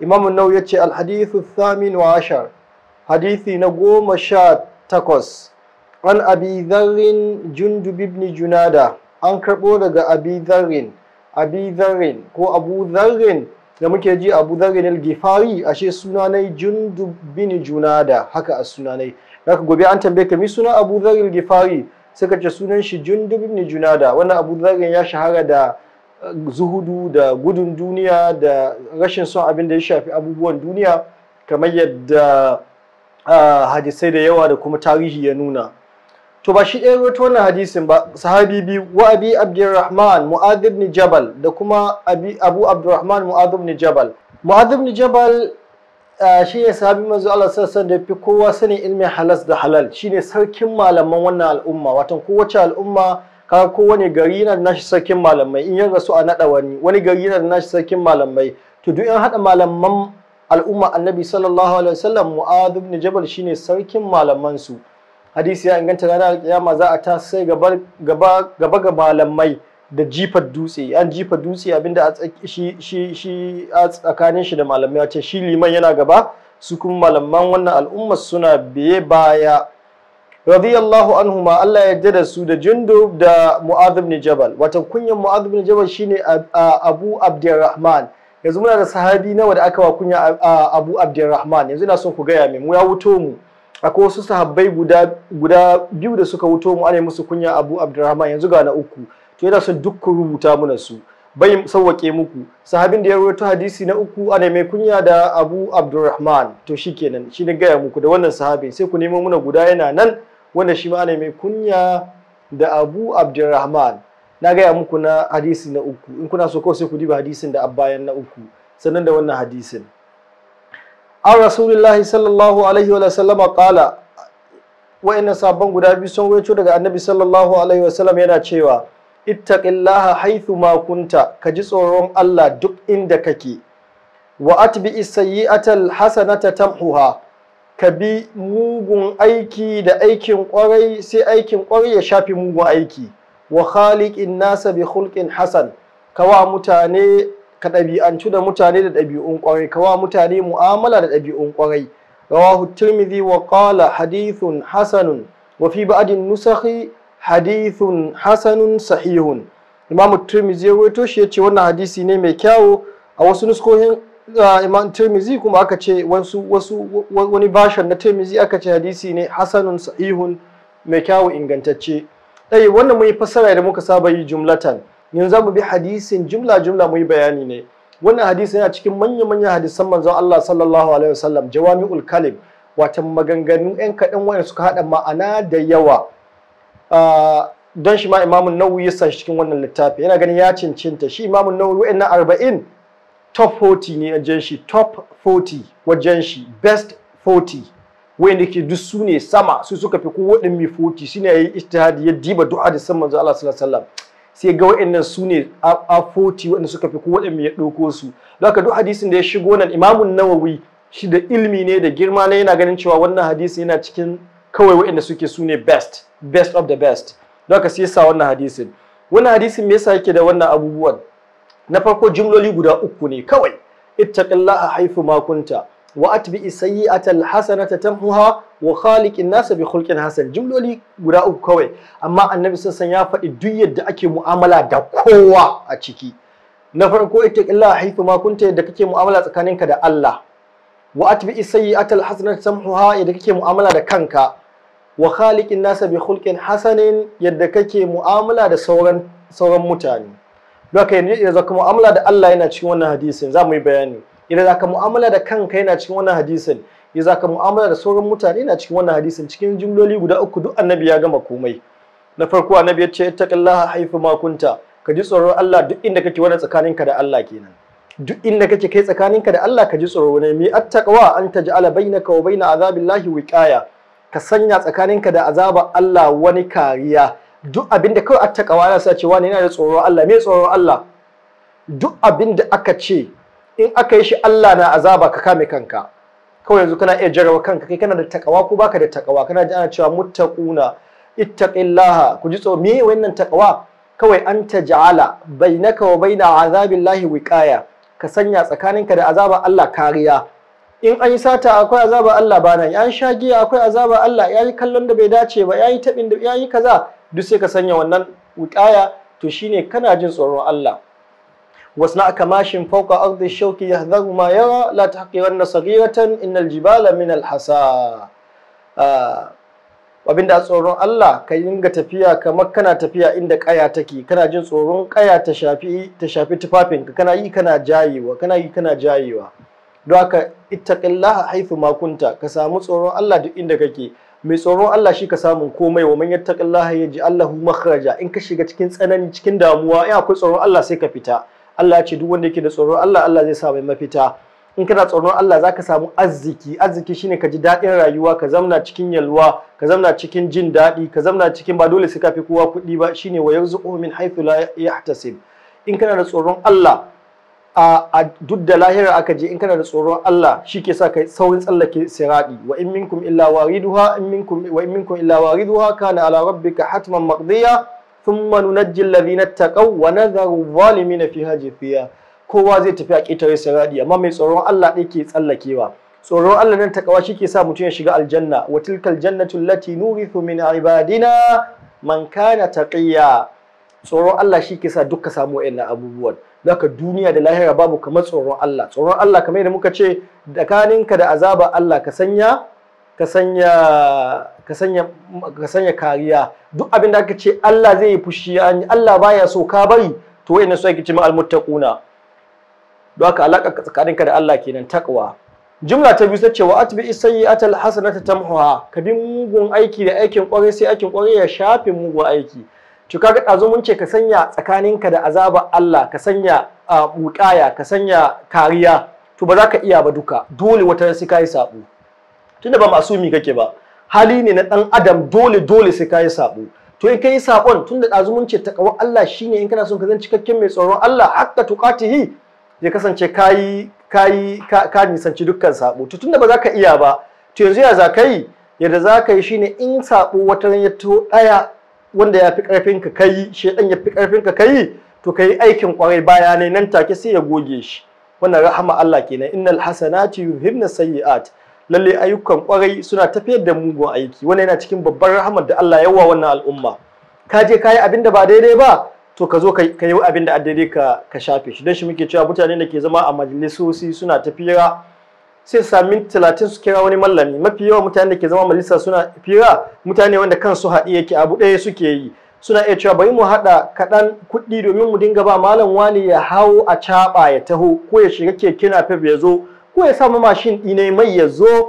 imamun nau ya ce alhadithu thamin wa ashar hadithi na goma sha takwas an abi zarrin jundub ibn junada an karɓo daga abi zarrin abi zarrin ko abu zarrin da muke ji abu zarrin al-gifari ashe sunanai jundub bin junada haka a sunanai haka gobe an tambaye ka mi suna abu zarrin al-gifari suka ce sunan shi jundub ibn junada wannan abu zarrin ya shahara da zuhudu da gudun duniya da rashin son abin da ya shafi abubuwan duniya kamar yadda ah, hadisai da yawa da kuma tarihi ya nuna to ba shi ɗaya rawaito wannan hadisin ba sahabi biyu wa abi abdurrahman mu'adh ni jabal da kuma abu abdurrahman mu'adh ni jabal mu'adh ni jabal ah, shi ne sahabi manzo Allah sassan da fi kowa sanin ilmin halas da halal shine sarkin malaman wannan al'umma watan kowace al'umma ko wani gari yana da nashi sarkin malamai in ya rasu a naɗa wani wani gari yana da nashi sarkin malamai to duk in haɗa malaman al'umma annabi sallallahu alaihi wasallam mu'adh ibn jabal shine sarkin malaman su hadisi ya inganta ranar alkiyama za a tasai gaba gaba ga malamai da jifar dutse an jifa dutse abinda a shi a tsakanin shi da malamai ce shi liman yana gaba su kuma malaman wannan al'ummar suna biye baya radiyallahu anhuma Allah ya da su da Jundub da Mu'adh ibn Jabal watan kunyan Mu'adh ibn Jabal shine Abu Abdurrahman yanzu muna da sahabi nawa da aka wa kunya Abu Abdurrahman yanzu ina son ku gaya mai mu ya wuto mu akwai wasu sahabbai guda guda biyu da suka wuto mu ana musu kunya Abu Abdurrahman yanzu ga na uku to yana son duk ku rubuta muna su bai sauwake muku sahabin da ya rawaito hadisi na uku ana mai kunya da Abu Abdurrahman to shikenan shi ne gaya muku da wannan sahabin sai ku nemo muna guda yana nan wanda shi ma mai kunya da abu abdurrahman na gaya muku na hadisi na uku in kuna so kawai sai ku diba hadisin da abayan na uku sannan da wannan hadisin an rasulullahi sallallahu alaihi wa sallama kala ina sabon guda biyu sun wuce daga annabi sallallahu alaihi wa sallam yana cewa ittaqillaha haithu ma kunta ka ji tsoron Allah duk inda kake wa atbi sayyi'atal hasanata tamhuha ka bi mugun aiki da aikin kwarai sai aikin kwarai ya shafi mugun aiki wa khaliqin nasa bi khulqin hasan kawa mutane ka ɗabi'antu da mutane da ɗabi'un kwarai kawa mutane mu'amala da ɗabi'un kwarai rawahu tirmidhi wa qala hadithun hasanun wa fi ba'din nusakhi hadithun hasanun sahihun imam tirmidhi ya rawaito shi yace wannan hadisi ne mai kyawu a wasu nuskohin imam tirmizi kuma aka ce wasu wani bashan na tirmizi aka ce hadisi ne hasanun sa'ihun mai kyawu ingantacce ɗaya wannan mun yi fassara da muka saba yi jumlatan yanzu za mu bi hadisin jumla jumla mu yi bayani ne wannan hadisi yana cikin manya-manyan hadisan manzon Allah sallallahu alaihi wasallam jawami'ul kalim wata maganganu yan kaɗan wanda suka haɗa ma'ana da yawa don shi ma imamun nawawi ya san cikin wannan littafi yana ganin ya cincinta shi imamun nawawi wa'annan arba'in top 40 ne a shi top 40 wajen shi best 40 wanda ke duk su ne sama su suka fi kowa ɗin mai 40 shine yayi istihadi ya diba du'a da san manzo Allah sallallahu alaihi wasallam sai ga wa'annan su ne a 40 wanda suka fi kowa mi ya ɗauko su don haka duk hadisin da ya shigo nan imamun nawawi shi da ilmi ne da girma ne yana ganin cewa wannan hadisi yana cikin kawai wa'anda suke su ne best best of the best don haka sai sa wannan hadisin wannan hadisin me yasa yake da wannan abubuwan na farko jimloli guda uku ne kawai ittaqillaha haifu ma kunta wa atbi sayyi'ata alhasanata tamhuha wa khaliqin nasa bi khulqin hasan jimloli guda uku kawai amma annabi sassan ya faɗi duk yadda ake mu'amala da kowa a ciki na farko ittaqillaha haifu ma kunta yadda kake mu'amala tsakaninka da Allah wa atbi sayyi'ata alhasanata tamhuha yadda kake mu'amala da kanka wa khaliqin nasa bi khulqin hasanin yadda kake mu'amala da sauran sauran mutane Doka yanzu za ka mu'amala da Allah yana cikin wannan hadisin za mu yi bayani. Idan za ka mu'amala da kanka yana cikin wannan hadisin. Idan za ka mu'amala da sauran mutane yana cikin wannan hadisin cikin jumloli guda uku duk annabi ya gama komai. Na farko annabi ya ce ittaqillaha haifu makunta, ka ji tsoron Allah duk inda kake wani tsakaninka da Allah kenan. Duk inda kake kai tsakaninka da Allah ka ji tsoro ne mi attaqwa an taj'ala bainaka wa baina azabillahi wiqaya ka sanya tsakaninka da azabar Allah wani kariya. duk abin da kawai atta yana sa ce wani yana da tsoron Allah me tsoron Allah duk abin da aka ce in aka yi shi Allah na azaba ka kame kanka kawai yanzu kana iya jarawa kanka kai kana da takawa ko baka da takawa kana ji ana cewa muttaquna ittaqillaha ku ji tsoro me wannan takawa kawai an taj'ala bainaka wa baina azabillahi wiqaya ka sanya tsakaninka da azaba Allah kariya in an yi sata akwai azaba Allah bana ya sha giya akwai azaba Allah ya yi kallon da bai dace ba ya yi tabin da ya kaza duk sai ka sanya wannan wuƙaya to shine kana jin tsoron Allah wasna kamashin fauka ardi shauki yahdharu ma yara la tahqiranna saghiratan innal jibala min alhasa hasa ah, abinda tsoron Allah ka dinga tafiya kamar kana tafiya inda kaya take kana jin tsoron kaya ta shafi ta shafi ka kana yi kana jayewa kana yi kana jayewa don haka ittaqillaha haythu ma kunta ka samu tsoron Allah duk inda kake mai tsoron Allah shi ka samu komai wa man ya ji lahu makhraja in ka shiga cikin tsanani cikin damuwa in akwai tsoron Allah sai ka fita Allah ya ce duk wanda yake da tsoron Allah Allah zai sa mai mafita in kana tsoron Allah zaka samu arziki arziki shine ka ji daɗin rayuwa ka zamna cikin yalwa ka zamna cikin jin daɗi ka zamna cikin ba dole sai ka fi kowa kuɗi ba shine wa yarzuquhu min haythu la yahtasib in kana da tsoron Allah a duk da lahira aka je in kana da tsoron Allah shi ke sa kai saurin tsallake siradi wa in minkum illa wariduha in minkum wa in minkum illa wariduha kana ala rabbika hatman maqdiya thumma nunajji alladhina taqaw wa nadharu fi fiha fiya. kowa zai tafi a ƙetare siradi amma mai tsoron Allah ne ke tsallakewa tsoron Allah nan takawa shi ke sa mutum ya shiga aljanna wa tilkal jannatu allati nurithu min ibadina man kana taqiya tsoron Allah shi ke sa duka samu wa'annan abubuwan zaka duniya da lahira babu kamar tsoron Allah tsoron Allah kamar yadda muka ce tsakaninka da azaba Allah ka sanya kariya duk abin da aka ce Allah zai yi fushi an Allah baya so ka bari to wa'annan su ake ce almuttaquna don haka alaka tsakaninka da Allah kenan takwa jumla ta biyu ta wa atbi sayyi'atal hasanata tamhuha ka mugun aiki da aikin kwarai sai aikin kwarai ya shafe mugun aiki to kaga ɗazu mun ce ka sanya tsakaninka da azabar Allah ka sanya mukaya ka sanya kariya to ba za ka iya ba duka dole wata sai ka yi sabo tunda ba masumi kake ba hali ne na ɗan adam dole dole sai ka yi sabo to in ka yi sabon tunda ɗazu mun ce takawa Allah shine in kana son ka zan cikakken mai tsoron Allah hakka tuqatihi ya kasance kayi kayi ka nisanci dukkan sabo to tunda ba za ka iya ba to yanzu ya za ka yi yadda za ka yi shine in sabo wata ya to ɗaya wanda ya fi karfin ka kai shedan ya fi karfin ka kai to kai aikin ƙwarai baya ne nan take sai ya goge shi wannan rahama Allah kenan innal hasanati yuhibna sayyi'at lalle ayyukan ƙwarai suna tafiyar da mugun aiki wannan yana cikin babbar rahamar da Allah ya yawa wannan al'umma ka je ka yi abin da ba daidai ba to ka zo ka yi abin da daidai ka shafe shi don shi muke cewa mutane da ke zama a majalisosi suna tafira sai sami talatin su kira wani mallami mafi yawa mutane da ke zama majalisa suna fira mutane wanda kansu haɗi yake abu ɗaya suke yi suna iya cewa bari mu haɗa kaɗan kuɗi domin mu dinga ba malam wani ya hau a caɓa ya taho ko ya shiga keke na ya zo ko ya samu mashin ɗina mai ya zo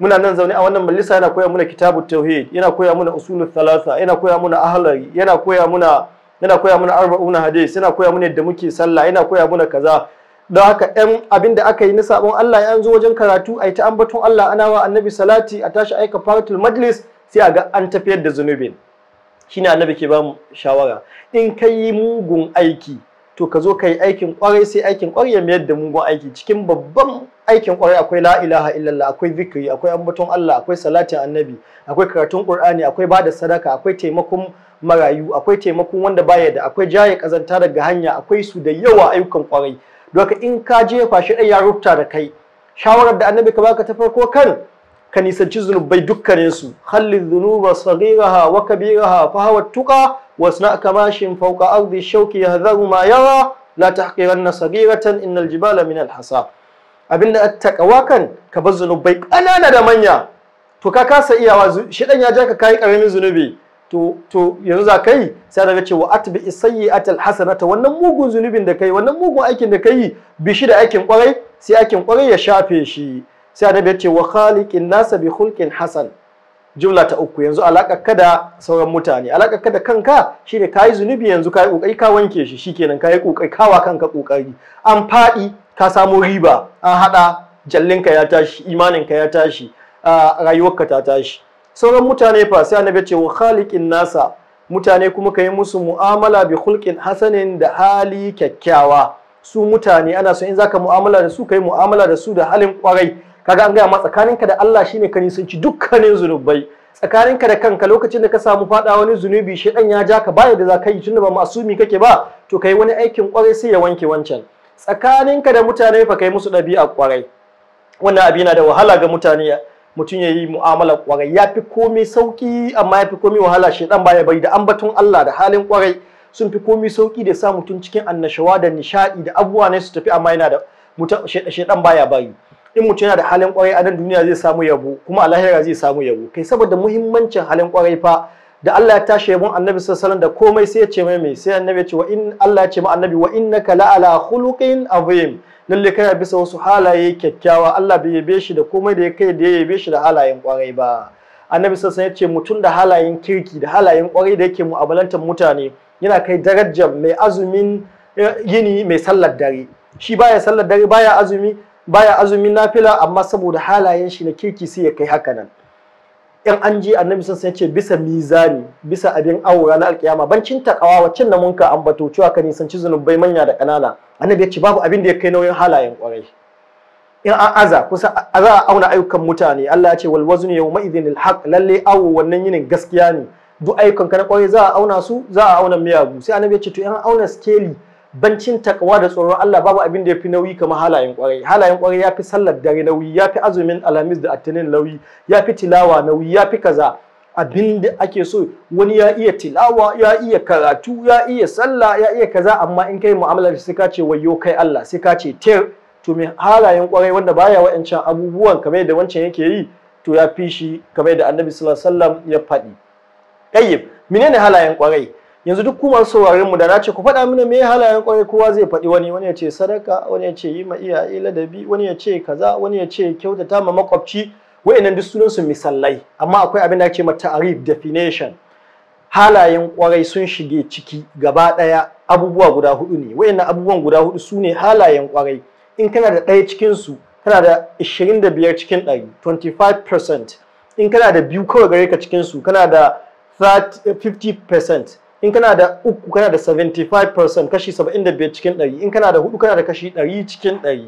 muna nan zaune a wannan majalisa yana koya muna kitabu tauhid yana koya muna usulul thalatha yana koya muna ahlari yana koya muna yana koya mana arba'una hadis yana koya mana yadda muke sallah yana koya mana kaza don haka yan abin da aka yi na sabon Allah ya zo wajen karatu a yi ta ambaton Allah ana wa annabi salati a tashi aika faratul majlis sai a ga an tafiyar da zunubin shine annabi ke bamu shawara in ka yi mugun aiki to ka zo ka yi aikin kwarai sai aikin kwarai ya mayar da mugun aiki cikin babban aikin kwarai akwai la ilaha illallah akwai zikiri akwai ambaton Allah akwai salatin annabi akwai karatun qur'ani akwai bada sadaka akwai taimakon marayu akwai taimakon wanda baya da akwai jaye kazanta daga hanya akwai su da yawa ayyukan kwarai doka in ka jefa shi ɗaya ya rubuta da kai shawarar da annabi ka baka ta farko kan ka nisanci zunubai dukkanin su zunuba dhunuba saghiraha wa kabiraha fa hawa tuqa wasna kamashin fawqa ardi shawki yahzaru ma yara la tahqiranna saghiratan innal jibala min alhasa abinda attaqwa kan ka bar zunubai ƙanana da manya to ka kasa iyawa shi ɗan ya ja ka kai karamin zunubi to yanzu za ka yi sai daga cewa atbi sayyi'atal hasanata wannan mugun zunubin da kai wannan mugun aikin da kai bi shi da aikin kwarai sai aikin kwarai ya shafe shi sai da ya ce wa khaliqin nasa bi khulqin hasan jumla ta uku yanzu alaƙa kada sauran mutane alaƙa kada kanka shine kayi zunubi yanzu yi kokari ka wanke shi shikenan kayi kokari kawa kanka kokari an faɗi ka samu riba an haɗa jallinka ya tashi imaninka ya tashi rayuwarka ta tashi sauran mutane fa sai annabi ce wa khaliqin nasa mutane kuma ka yi musu mu'amala bi khulqin hasanin da hali kyakkyawa su mutane ana so in zaka mu'amala da su ka mu'amala da su da halin kwarai kaga an gaya ma tsakaninka da Allah shine ka nisanci dukkanin zunubai tsakaninka da kanka lokacin da ka samu fada wani zunubi shedan ya ja ka baya da zaka ka yi tunda ba masumi kake ba to kai wani aikin kwarai sai ya wanke wancan tsakaninka da mutane fa kai musu dabi'a kwarai wannan abi na da wahala ga mutane mutum ya yi mu'amala kwarai ya fi komai sauki amma ya fi komai wahala shedan baya bari da ambaton Allah da halin kwarai sun fi komai sauki da sa mutum cikin annashawa da nishadi da abubuwa ne su tafi amma yana da shedan baya bari in mutum yana da halin kwarai a nan duniya zai samu yabo kuma Alahira zai samu yabo kai saboda muhimmancin halin kwarai fa da Allah ya tashi yabon annabi sallallahu da komai sai ya ce mai sai annabi ya ce wa in Allah ya ce ma annabi wa innaka la ala khuluqin azim lalle kana bisa wasu halaye kyakkyawa Allah bai yabe shi da komai da ya kai da ya yabe shi da halayen kwarai ba annabi sassan ya ce mutum da halayen kirki da halayen kwarai da yake mu'amalantar mutane yana kai darajar mai azumin eh, yini mai sallar dare shi baya sallar dare baya azumi baya azumin nafila amma saboda halayen shi na kirki sai ya kai haka nan in an ji annabi sun ya ce bisa mizani bisa abin awo ranar alkiyama bancin takawa wacin na munka ambato cewa ka nisanci zunubai manya da ƙanana annabi ya ce babu abin da ya kai nauyin halayen kwarai in an aza kusa za a auna ayyukan mutane Allah ya ce wal waznu yawma idhin al haqq lalle awo wannan yinin gaskiya ne duk ayyukan ka na kwarai za a auna su za a auna miyagu sai annabi ya ce to in an auna skeli bancin takawa da tsoron Allah babu abin da ya fi nauyi kamar halayen kwarai halayen kwarai ya fi sallar dare nauyi ya fi azumin alamis da attinin nauyi ya fi tilawa nauyi ya fi kaza abin da ake so wani ya iya tilawa ya iya karatu ya iya sallah ya iya kaza amma in kai mu'amalar sai ka ce wayo kai Allah sai ka ce ter to me halayen kwarai wanda baya wa'ancan abubuwan kamar da wancan yake yi to ya fi shi kamar da annabi sallallahu alaihi wasallam ya faɗi tayyib menene halayen kwarai yanzu duk kuma saurarin mu da na ce ku faɗa mini me halayen kwarai kowa zai faɗi wani wani ya ce sadaka wani ya ce yi ma iyaye ladabi wani ya ce kaza wani ya ce kyautata ma makwabci wa'annan duk sunan su misallai amma akwai abin da ake ma ta'arif definition halayen kwarai sun shige ciki gaba ɗaya abubuwa guda hudu ne wa'annan abubuwan guda hudu su halayen kwarai in kana da ɗaya cikin su kana da 25 cikin 100 25% in kana da biyu kawai gare ka cikin su kana da 50% in kana da uku kana da 75% kashi 75 cikin 100 in kana da hudu kana da kashi 100 cikin 100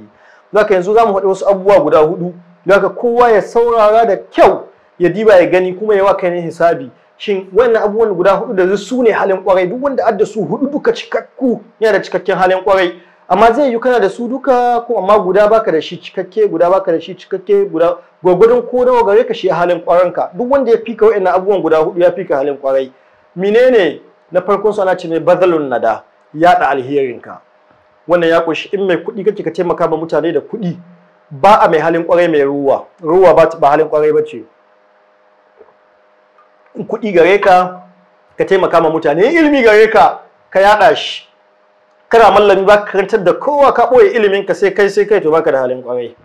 zaka yanzu zamu faɗi wasu abubuwa guda hudu zaka kowa ya saurara da kyau ya diba ya gani kuma ya waka ne hisabi shin wannan abubuwan guda hudu da su ne halin kwarai duk wanda adda su hudu duka cikakku yana da cikakken halin kwarai amma zai yi kana da su duka ko amma guda baka da shi cikakke guda baka da shi cikakke guda gwagwadon ko nawa gare ka shi halin kwaranka duk wanda ya fika wa'annan abubuwan guda hudu ya fika halin kwarai menene na farkon su ana ce mai bazalun nada yaɗa alherinka wannan ya ƙunshi, in mai kuɗi kake ka taimaka ma mutane da kuɗi ba a mai halin kwarai mai ruwa ruwa ba ba halin kwarai bace in kuɗi gare ka ka taimaka ma mutane ilimi gare ka ka yaɗa shi kana mallami ba ka karantar da kowa ka boye ilimin ka sai kai sai kai to baka da halin kwarai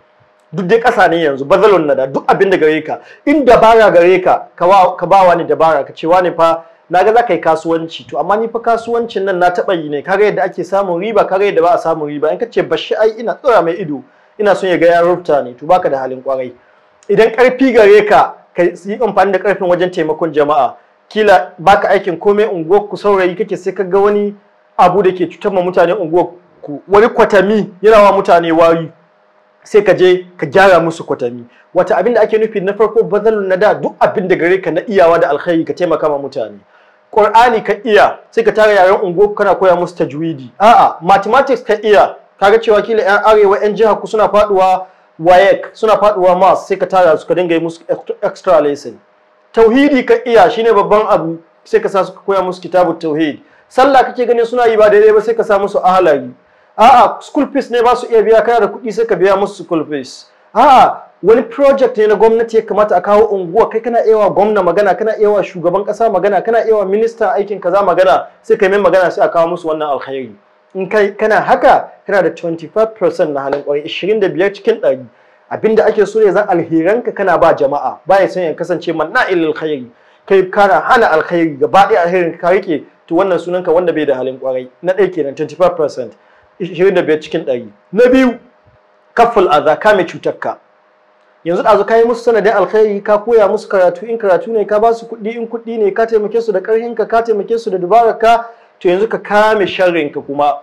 duk dai ƙasa ne yanzu bazalon nada duk abin da gare ka in dabara gare ka ka ba wani dabara ka ce wani fa na ga za ka yi kasuwanci to amma ni fa kasuwancin nan na taɓa yi ne kaga yadda ake samun riba kaga yadda ba a samun riba in ka ce bashi ai ina tsora mai ido ina son ya ga ya rubuta ne to baka da halin kwarai idan karfi gare ka ka yi amfani da karfin wajen taimakon jama'a kila baka aikin komai unguwar ku saurayi kake sai ka ga wani abu da ke cutar ma mutane unguwar ku wani kwatami yana wa mutane wari sai ka je ka gyara musu kwatami wata abin da ake nufi na farko bazalun na da duk abin da gare ka na iyawa da alkhairi ka taimaka ma mutane Qur'ani ka iya sai ka tara yaren ungo kana koya musu tajwidi a'a mathematics ka iya kaga cewa kila yan arewa yan jiha ku suna faduwa wayek suna faduwa mas sai ka tara su ka dinga yi musu extra lesson tauhidi ka iya shine babban abu sai ka sa su koya musu kitabu tauhid sallah kake ganin suna yi ba daidai ba sai ka sa musu ahlari a'a school fees ne ba su iya biya kana da kuɗi sai ka biya musu school fees a'a wani project ne na gwamnati ya kamata a kawo unguwa kai kana iya gwamna magana kana iya shugaban kasa magana kana iya minista aikin kaza magana sai kai mai magana sai a kawo musu wannan alkhairi in kai kana haka kana da 25% na halin kwari 25 cikin 100 abinda ake so ne zan alheranka kana ba jama'a baya san ya kasance ilal alkhairi kai kana hana alkhairi gaba ɗaya alherin ka rike to wannan sunanka wanda bai da halin kwari na ɗaya kenan 25% 25 cikin 100 na biyu kafal adha kame cutarka yanzu ɗazu ka yi musu sanadin alkhairi ka koya musu karatu in karatu ne ka ba su kuɗi in kuɗi ne ka taimake su da ƙarfinka ka ka taimake su da ka to yanzu ka kame sharrinka kuma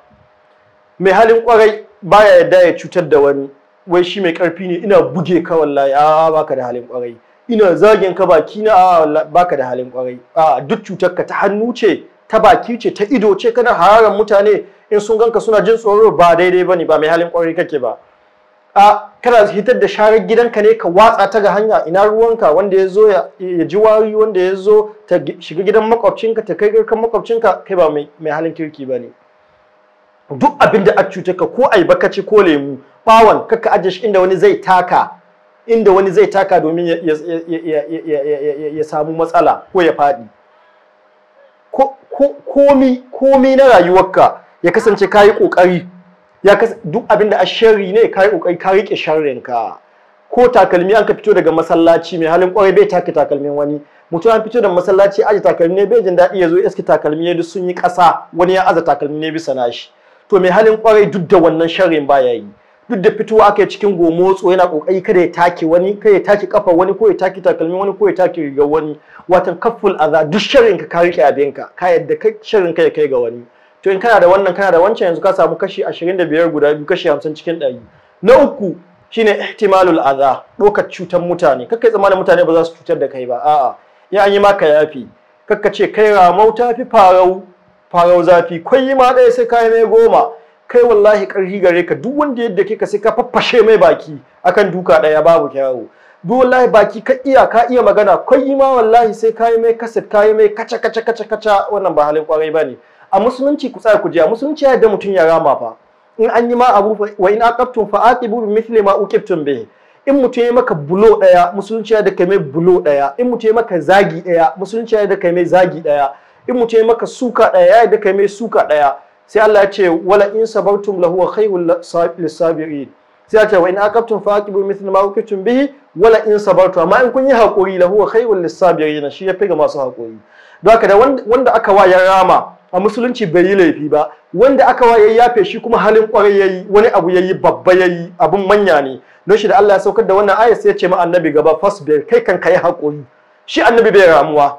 mai halin kwarai baya yarda ya cutar da wani wai shi mai ƙarfi ne ina buge ka wallahi a baka da halin kwarai ina zagin ka baki na baka da halin kwarai a duk cutar ka ta hannu ce ta baki ce ta ido ce kana hararan mutane in sun ganka suna jin tsoro ba daidai bane ba mai halin kwarai kake ba a kana hitar da sharar gidanka ne ka watsa ta ga hanya ina ruwanka wanda ya zo ya ji wari wanda ya zo ta shiga gidan makwabcinka ta kai garkan makwabcinka kai ba mai halin kirki ba ne duk abin da a cuta ka ko bakaci ko lemu bawon kakka ajiye shi inda wani zai taka inda wani zai taka domin ya samu matsala ko ya faɗi komi na rayuwarka ya kasance ka yi ƙoƙari ya duk abin da asharri ne kai ka rike sharrin ka ko takalmi an ka fito daga masallaci mai halin kwarai bai take takalmin wani mutum an fito da masallaci aje takalmi ne bai jin daɗi ya zo iski takalmi ne duk sun yi ƙasa wani ya aza takalmi ne bisa nashi to mai halin kwarai duk da wannan sharrin ya yi duk da fitowa aka yi cikin gomotso yana kokari kada ya take wani kada ya take kafa wani ko ya take takalmi wani ko ya take rigar wani watan kaful aza duk sharrin ka ka rike abinka ka yadda ka sharrin ka ya kai ga wani to in kana da wannan kana da wancan yanzu ka samu kashi 25 guda biyu kashi 50 cikin ɗari. na uku shine ihtimalul adha dokar cutar mutane kakkai tsammanin mutane ba za su cutar da kai ba a'a in an yi maka yafi kakka ce kai ramau ta fi farau farau zafi yi ma ɗaya sai kai mai goma kai wallahi ƙarfi gare ka duk wanda yadda ke ka sai ka faffashe mai baki akan duka ɗaya babu kyawu duk wallahi baki ka iya ka iya magana yi ma wallahi sai kai mai kasa, kai mai kaca kaca kaca kaca wannan ba halin kwarai bane ne a musulunci ku tsaya ku je a musulunci ya da mutum ya rama fa in an yi ma abu wa in aqabtum fa aqibu bi mithli ma uqibtum bihi in mutum ya maka bulo daya musulunci ya da kai mai bulo daya in mutum ya maka zagi daya musulunci ya da kai mai zagi daya in mutum ya maka suka daya ya da kai mai suka daya sai Allah ya ce wala in sabartum lahu khayrul lisabirin sai ya ce wa in aqabtum fa aqibu mithli ma uqibtum bihi wala in sabartum amma in kun yi hakuri lahu khayrul lisabirin shi ya fi ga masu hakuri don haka da wanda aka wa ya rama a musulunci bai yi laifi ba wanda aka waye yafe shi kuma halin kwarai yayi wani abu yayi babba yayi abun manya ne don shi da Allah ya saukar da wannan ayat sai ya ce ma annabi gaba fasbir kai kan kai hakuri shi annabi bai ramuwa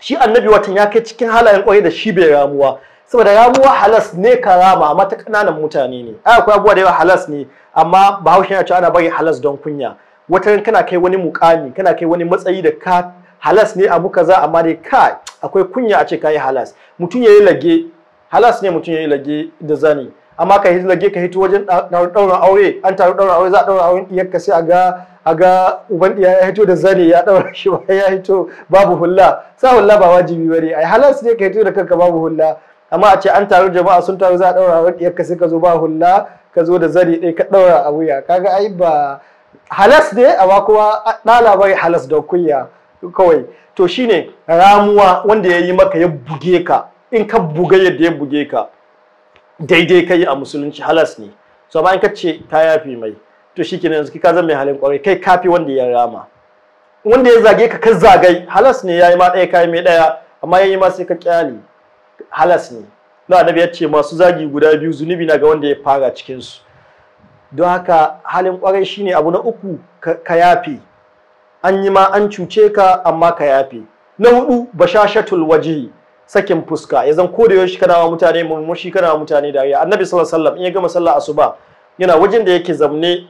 shi annabi watan ya kai cikin halayen kwarai da shi bai ramuwa saboda ramuwa halas ne karama amma ta kananan mutane ne ai akwai abubuwa da yawa halas ne amma bahaushe ya ce ana bari halas don kunya wata kana kai wani mukami kana kai wani matsayi da ka halas ne abu kaza amma dai kai akwai kunya a ce ka yi halas mutum ya yi lage halas ne mutum ya yi lage da zani amma ka yi lage ka hito wajen ɗaurin aure an taru ɗaurin aure za a ɗaura auren iyakka sai a ga a ga uban ya hito da zani ya ɗaura shi ba ya hito babu hulla sa hulla ba wajibi bane ai halas ne ka hito da kanka babu hulla amma a ce an taru jama'a sun taru za a ɗaura auren iyakka sai ka zo ba hulla ka zo da zani ɗaya ka ɗaura a wuya kaga ai ba halas ne amma kuma ɗala bai halas da kunya kawai to shine ramuwa wanda ya yi maka ya buge ka in ka buga yadda ya buge ka daidai ka yi a musulunci halas ne so amma ka ce ta yafi mai to shi shikenan yanzu ka zama mai halin kwarai kai kafi wanda ya rama wanda ya zage ka ka zagai halas ne Ya yi ma ɗaya kayan mai ɗaya amma ya yi ma sai ka kyale halas ne na annabi ya ce masu zagi guda biyu zunubi na ga wanda ya fara cikinsu. don haka halin kwarai shine abu na uku ka yafi an yi ma an cuce ka amma ka yafe na hudu bashashatul waje sakin fuska ya zan ko da yaushe wa mutane murmushi kana wa mutane dariya annabi sallallahu alaihi in ya gama sallah asuba yana wajen da yake zamne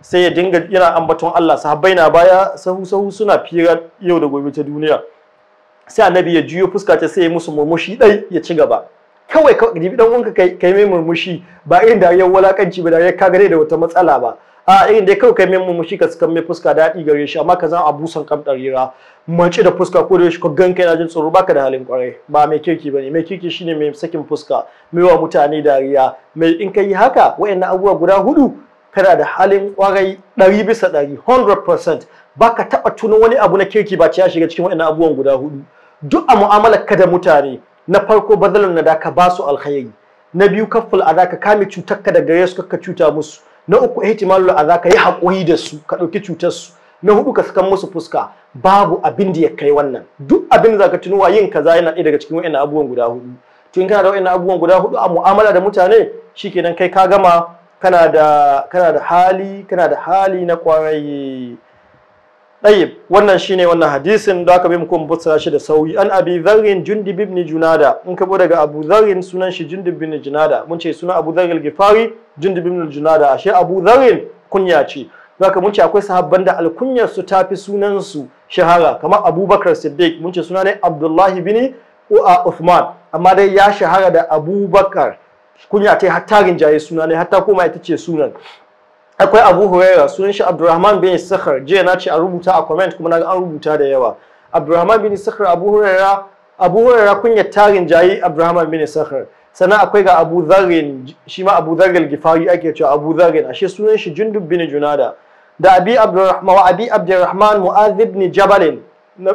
sai ya dinga yana ambaton Allah sahabbai na baya sahu sahu suna fira yau da gobe ta duniya sai annabi ya juyo fuska ta sai musu murmushi dai ya ci gaba kawai ka dibi dan ka kai mai murmushi ba irin dariyar walakanci ba dariyar kagare da wata matsala ba a ah, irin eh, dai kawai kai mai murmushi ka suka mai fuska daɗi gare shi amma ka zama abusan ɗarira mace da fuska ko da shi ka ganka kai na jin tsoro baka da halin kwarai ba mai kirki bane mai kirki shine mai sakin fuska mai wa mutane dariya mai in kai haka wayannan abubuwa guda hudu kana da halin kwarai ɗari bisa ɗari 100% baka taɓa tuno wani abu na kirki ba ce ya shiga cikin wayannan abubuwan guda hudu duk a mu'amalar ka da mutane na farko bazalan na da ka ba alkhairi na biyu kaffal a ka kame cutar ka da gare su ka cuta musu na uku ihtimalul aza ka yi hakuri da su ka ɗauki cutar su na hudu ka sakan musu fuska babu abin da ya kai wannan duk abin da zaka tunuwa yin kaza yana ɗaya daga cikin wa'annan abubuwan guda hudu to in kana da wa'annan abubuwan guda hudu a mu'amala da mutane shikenan kai ka gama kana da kana da hali kana da hali na kwarai tayyib wannan shine wannan hadisin da aka bi muku fassara shi da sauyi an abi dharrin jundib ibn junada in ka bo daga abu dharrin sunan shi jundib ibn junada mun ce sunan abu zarin gifari jundib ibn junada ashe abu dharrin kunya ce ka mun ce akwai sahabban da alkunyar su tafi sunan su shahara kamar abubakar siddiq mun ce suna ne abdullahi bin uh, uthman amma dai ya shahara da abubakar kunya ta hatta rinjaye suna ne hatta kuma ita ce sunan akwai abu huraira sunan shi abdurrahman bin sakhar jiya na ce a rubuta a comment kuma na an rubuta da yawa abdurrahman bin sakhar abu huraira abu huraira kunya tarin jayi abdurrahman bin sakhar sannan akwai ga abu zarrin shi ma abu zarrin gifari ake cewa abu zarrin ashe sunan shi jundub bin junada da abi abdurrahman wa abi abdurrahman mu'adh ibn jabal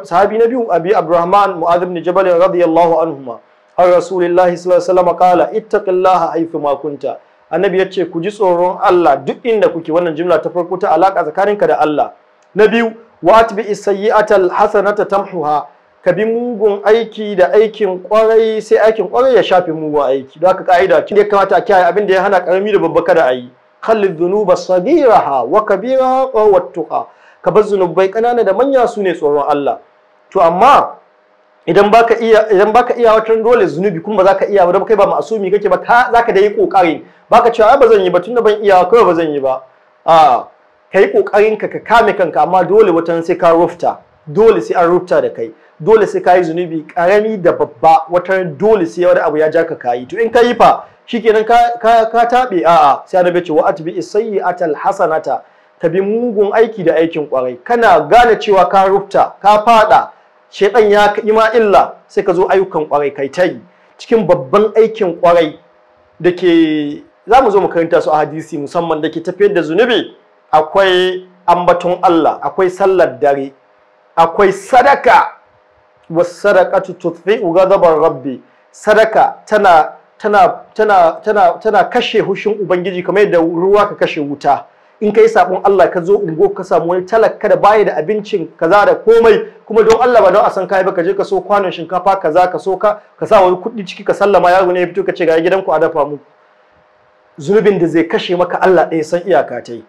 sahabi na biyu abi abdurrahman mu'adh ibn jabal radiyallahu anhuma har rasulillahi sallallahu alaihi wasallam qala ittaqillaha haythu ma kunta annabi ya ce ku ji tsoron Allah duk inda kuke wannan jimla ta farko ta alaka tsakaninka da Allah na biyu wa atbi sayyi'atal ta tamhuha ka bi mugun aiki da aikin kwarai sai aikin kwarai ya shafe mugun aiki don haka ka'ida ce da ya kamata a kiyaye abin da ya hana karami da babba kada a yi khallid dhunuba sagiraha wa kabiraha wa tuqa ka bar zunubai kanana da manya su ne tsoron Allah to amma idan baka iya idan baka iya watan dole zunubi kuma ba za ka iya ba kai ba ma'asumi kake ba Za ka zaka da yi kokari baka cewa ba zan yi ba tunda ban iya kawai ba zan yi ba a kai kokarin ka ka kame kanka amma dole watan sai ka rufta dole sai an rufta da kai dole sai ka yi zunubi karami da babba watan dole sai wani abu ya ja ka kayi to in ka yi fa shikenan ka ka, ka tabe a'a sai annabi ce wa atbi sayyi'atal hasanata ka bi mugun aiki da aikin kwarai kana gane cewa ka rufta ka fada shedan ya yi ma illa sai ka zo ayyukan kwarai kai tayi cikin babban aikin kwarai da ke za mu zo mu karanta su a hadisi musamman da ke tafiyar da zunubi akwai ambaton Allah akwai sallar dare akwai sadaka wa sadaqatu tutfi'u rabbi sadaka tana kashe hushin ubangiji kamar yadda ruwa ka kashe wuta in kai sabon Allah ka zo ungo ka samu wani talaka da baya da abincin kaza da komai kuma don Allah ba don a san kai ba ka je ka so kwanon shinkafa kaza ka so ka ka sa wani kuɗi ciki ka sallama yaro ne ya fito ka ce ga gidanku a dafa mu zunubin da zai kashe maka Allah ɗaya san iyaka ta yi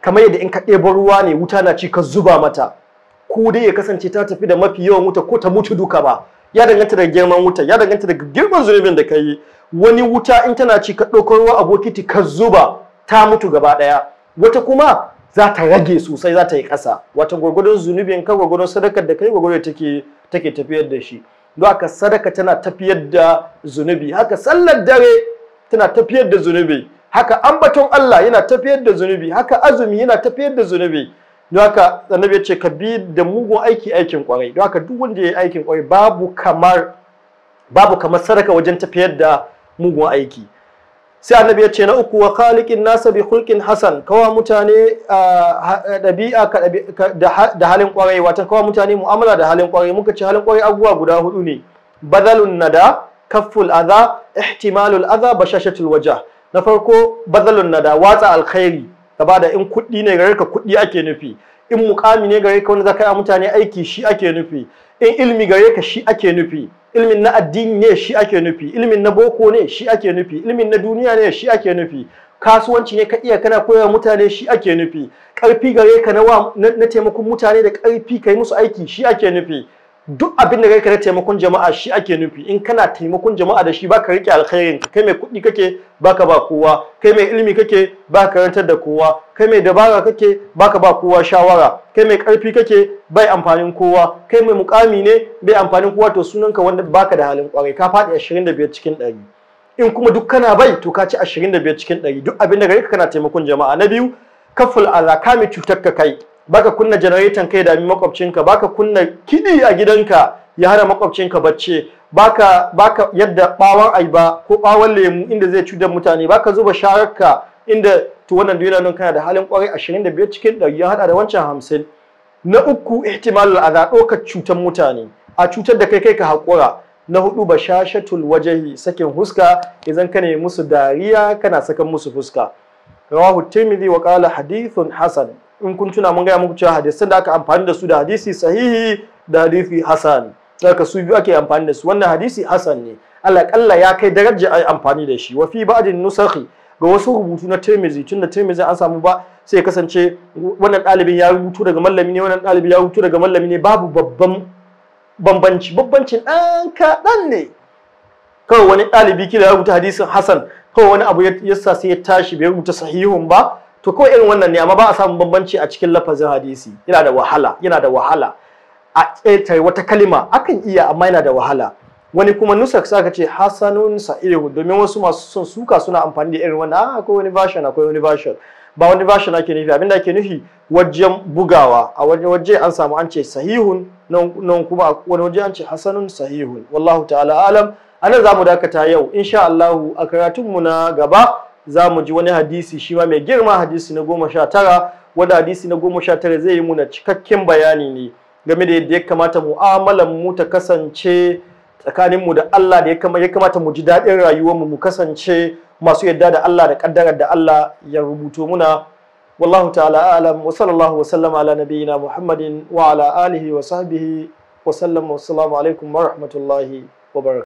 kamar yadda in ka ɗebo ruwa ne wuta na ci ka zuba mata ko dai ya kasance ta tafi da mafi yawan wuta ko ta mutu duka ba ya danganta da girman wuta ya danganta da girman zunubin da ka yi wani wuta in tana ci ka ɗauko ruwa a bokiti ka zuba ta mutu gaba ɗaya wata kuma za ta rage sosai za ta yi ƙasa wata gwagwadon zunubin ka gwagwadon sadakar da kai gwagwadon take take tafiyar da shi don haka sadaka tana tafiyar da zunubi haka sallar dare tana tafiyar da zunubi haka ambaton Allah yana tafiyar da zunubi haka azumi yana tafiyar da zunubi don haka annabi ya ce ka bi da mugun aiki aikin kwarai don haka duk wanda ya yi aikin kwarai babu kamar babu kamar sadaka wajen tafiyar da mugun aiki sai annabi ya ce na uku wa khaliqin nasa bi khulqin hasan kawa mutane dabi'a da halin kwarai wata kawa mutane mu'amala da halin kwarai muka ce halin kwarai abubuwa guda hudu ne badalun nada kafful adha ihtimalul adha bashashatul wajah na farko bazalun nada watsa alkhairi gaba da in kuɗi ne gare ka kuɗi ake nufi in mukami ne gare ka wanda zaka yi mutane aiki shi ake nufi in ilmi gare ka shi ake nufi ilmin na addini ne shi ake nufi ilmin na boko ne shi ake nufi ilmin na duniya ne shi ake nufi kasuwanci ne ka iya kana koya mutane shi ake nufi ƙarfi gare ka na, na taimakon mutane da ƙarfi ka yi musu aiki shi ake nufi duk abin da kai na taimakon jama'a shi ake nufi in kana taimakon jama'a da shi baka rike alkhairin kai mai kuɗi kake baka ba kowa kai mai ilimi kake baka rantar da kowa kai mai dabara kake baka ba kowa shawara kai mai karfi kake bai amfanin kowa kai mai mukami ne bai amfanin kowa to sunanka wanda baka da halin kwarai ka faɗi 25 cikin 100 in kuma duk kana bai to ka ci 25 cikin 100 duk abin da kai kana taimakon jama'a na biyu kaful alakami cutar ka kai baka kunna janareton kai dami makwabcinka baka kunna kidi a gidanka ya hana makwabcinka bacci baka baka yadda bawon aiba ko bawon lemu inda zai cutar mutane baka zuba shararka inda to wannan duniya nan kana da halin kwarai 25 cikin 100 ya hada da wancan 50 na uku ihtimalul adha dokar cutar mutane a cutar da kai kai ka hakura na hudu bashashatul wajahi sakin huska idan ka musu dariya kana sakan musu fuska rawahu tirmidhi wa qala hadithun hasan in kun tuna mun gaya muku cewa hadisi. da aka amfani da su da hadisi sahihi da hadisi hasan saka su biyu ake amfani da su wannan hadisi hasan ne alaƙalla ya kai darajar ai amfani da shi wa fi ba'din nusakhi ga wasu rubutu na Tirmidhi tunda Tirmidhi an samu ba sai kasance wannan ɗalibin ya rubutu daga mallami ne wannan ɗalibin ya rubutu daga mallami ne babu babban bambanci bambancin ɗan kaɗan ne kawai wani ɗalibi kila ya rubuta hadisin hasan kawai wani abu ya sa sai ya tashi bai rubuta sahihun ba to ko irin wannan ne amma ba a samu bambanci a cikin lafazin hadisi yana da wahala yana da wahala a ƙetare eh, wata kalima akan iya amma yana da wahala wani kuma nusak saka ce hasanun sa'ihu domin wasu masu son suka suna amfani da irin wannan ah, akwai wani version akwai wani version ba wani version ake nufi abinda ake nufi wajen bugawa a wajen waje an samu an ce sahihun nan kuma wani waje an ce hasanun sahihun wallahu ta'ala alam anan zamu dakata yau insha Allah a karatunmu na gaba za mu ji wani hadisi shi ma mai girma hadisi na goma sha tara wanda hadisi na goma sha tara zai yi muna cikakken bayani ne game da yadda ya kamata mu'amalan mu ta kasance tsakaninmu da Allah da ya kamata mu ji daɗin rayuwarmu mu kasance masu yadda da Allah da ƙaddarar da Allah ya rubuto muna wallahu ta'ala alam wa sallallahu wa sallama ala nabiyyina muhammadin wa ala alihi wa sahbihi wa sallam wa assalamu alaikum wa rahmatullahi wa barakatuh